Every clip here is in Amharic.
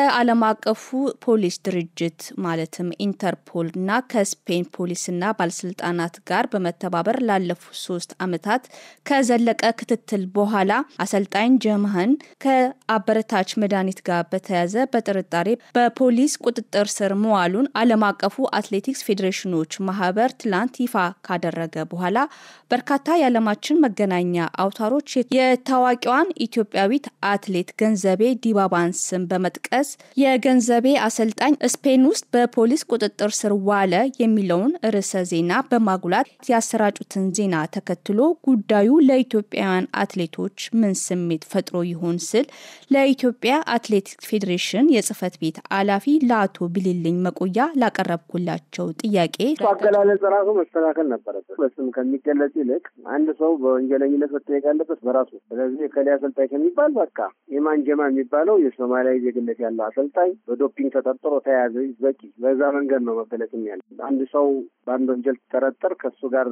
ከዓለም አቀፉ ፖሊስ ድርጅት ማለትም ኢንተርፖል እና ከስፔን ፖሊስና ባለስልጣናት ጋር በመተባበር ላለፉት ሶስት ዓመታት ከዘለቀ ክትትል በኋላ አሰልጣኝ ጀምሃን ከአበረታች መድኃኒት ጋር በተያዘ በጥርጣሬ በፖሊስ ቁጥጥር ስር መዋሉን ዓለም አቀፉ አትሌቲክስ ፌዴሬሽኖች ማህበር ትላንት ይፋ ካደረገ በኋላ በርካታ የዓለማችን መገናኛ አውታሮች የታዋቂዋን ኢትዮጵያዊት አትሌት ገንዘቤ ዲባባን ስም በመጥቀስ ድረስ የገንዘቤ አሰልጣኝ ስፔን ውስጥ በፖሊስ ቁጥጥር ስር ዋለ የሚለውን ርዕሰ ዜና በማጉላት ያሰራጩትን ዜና ተከትሎ ጉዳዩ ለኢትዮጵያውያን አትሌቶች ምን ስሜት ፈጥሮ ይሆን ስል ለኢትዮጵያ አትሌቲክስ ፌዴሬሽን የጽህፈት ቤት ኃላፊ ለአቶ ቢልልኝ መቆያ ላቀረብኩላቸው ጥያቄ አገላለጽ ራሱ መስተካከል ነበረበት። በስም ከሚገለጽ ይልቅ አንድ ሰው በወንጀለኝነት መጠየቅ ያለበት በራሱ ስለዚህ ከሊያ አሰልጣኝ ከሚባል በቃ ጀማ የሚባለው የሶማሊያ ዜግነት ያለው አሰልጣኝ በዶፒንግ ተጠርጥሮ ተያያዘ በቂ። በዛ መንገድ ነው መበለትም ያለ አንድ ሰው በአንድ ወንጀል ሲጠረጠር ከእሱ ጋር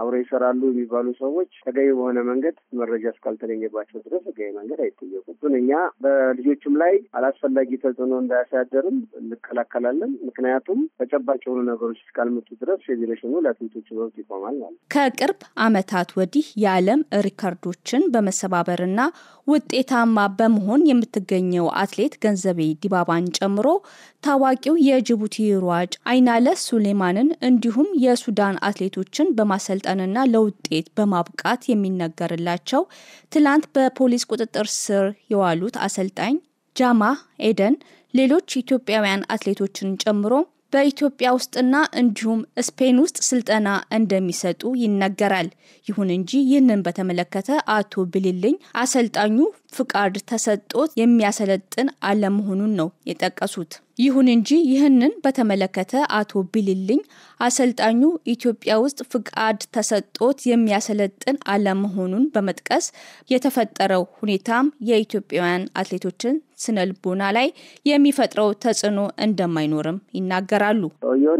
አብረው ይሰራሉ የሚባሉ ሰዎች ተገቢ በሆነ መንገድ መረጃ እስካልተገኘባቸው ድረስ ተገቢ መንገድ አይጠየቁም። ግን እኛ በልጆችም ላይ አላስፈላጊ ተጽዕኖ እንዳያሳደርም እንከላከላለን። ምክንያቱም ተጨባጭ የሆኑ ነገሮች እስካልመጡ ድረስ ፌዴሬሽኑ ለአትሌቶቹ መብት ይቆማል ማለት ከቅርብ ዓመታት ወዲህ የዓለም ሪከርዶችን በመሰባበርና ውጤታማ በመሆን የምትገኘው አትሌት ገንዘቤ ዲባባን ጨምሮ ታዋቂው የጅቡቲ ሯጭ አይናለ ሱሌማንን እንዲሁም የሱዳን አትሌቶችን በማሰልጠንና ለውጤት በማብቃት የሚነገርላቸው ትላንት በፖሊስ ቁጥጥር ስር የዋሉት አሰልጣኝ ጃማ ኤደን ሌሎች ኢትዮጵያውያን አትሌቶችን ጨምሮ በኢትዮጵያ ውስጥና እንዲሁም ስፔን ውስጥ ስልጠና እንደሚሰጡ ይነገራል። ይሁን እንጂ ይህንን በተመለከተ አቶ ብልልኝ አሰልጣኙ ፍቃድ ተሰጥቶት የሚያሰለጥን አለመሆኑን ነው የጠቀሱት። ይሁን እንጂ ይህንን በተመለከተ አቶ ብልልኝ አሰልጣኙ ኢትዮጵያ ውስጥ ፍቃድ ተሰጥቶት የሚያሰለጥን አለመሆኑን በመጥቀስ የተፈጠረው ሁኔታም የኢትዮጵያውያን አትሌቶችን ስነ ልቦና ላይ የሚፈጥረው ተጽዕኖ እንደማይኖርም ይናገራሉ።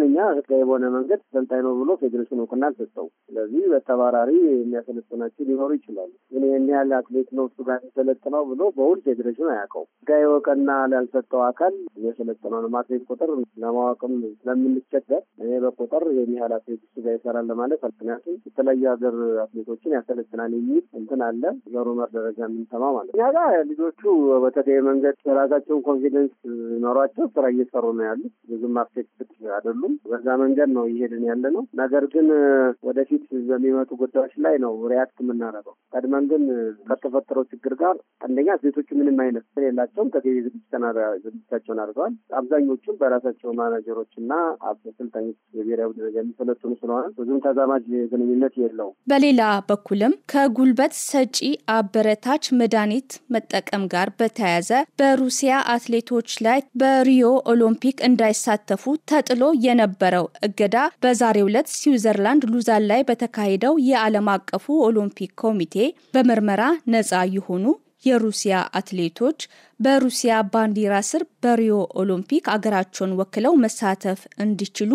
እኛ ህጋዊ በሆነ መንገድ ሰልጣኝ ነው ብሎ ፌዴሬሽን እውቅና አልሰጠው። ስለዚህ በተባራሪ የሚያሰለጥናቸው ሊኖሩ ይችላሉ። ግን ይህን ያህል አትሌት ነው እሱ ጋር የሰለጥነው ብሎ በውል ፌዴሬሽን አያውቀው። ህጋዊ እውቅና ላልሰጠው አካል የሰለጥነውን አትሌት ቁጥር ለማወቅም ስለምንቸገር እኔ በቁጥር ይህን ያህል አትሌት እሱ ጋር ይሰራል ለማለት አልክንያቱም የተለያዩ ሀገር አትሌቶችን ያሰለጥናል የሚል እንትን አለ ዘሩመር ደረጃ የምንሰማ ማለት እኛ ጋር ልጆቹ በተገቢ መንገድ ማለት የራሳቸውን ኮንፊደንስ ኖሯቸው ስራ እየሰሩ ነው ያሉት። ብዙም አፌክትድ አይደሉም። በዛ መንገድ ነው እየሄድን ያለ ነው። ነገር ግን ወደፊት በሚመጡ ጉዳዮች ላይ ነው ሪያክት የምናደርገው። ቀድመን ግን ከተፈጠረው ችግር ጋር አንደኛ ሴቶቹ ምንም አይነት የላቸውም። ተገቢ ዝግጅታቸውን አድርገዋል። አብዛኞቹም በራሳቸው ማናጀሮች እና አሰልጣኞች የብሔራዊ ደረጃ የሚሰለጥኑ ስለሆነ ብዙም ተዛማጅ ግንኙነት የለውም። በሌላ በኩልም ከጉልበት ሰጪ አበረታች መድኃኒት መጠቀም ጋር በተያያዘ በሩሲያ አትሌቶች ላይ በሪዮ ኦሎምፒክ እንዳይሳተፉ ተጥሎ የነበረው እገዳ በዛሬው ዕለት ስዊዘርላንድ ሉዛን ላይ በተካሄደው የዓለም አቀፉ ኦሎምፒክ ኮሚቴ በምርመራ ነፃ የሆኑ የሩሲያ አትሌቶች በሩሲያ ባንዲራ ስር በሪዮ ኦሎምፒክ አገራቸውን ወክለው መሳተፍ እንዲችሉ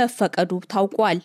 መፈቀዱ ታውቋል።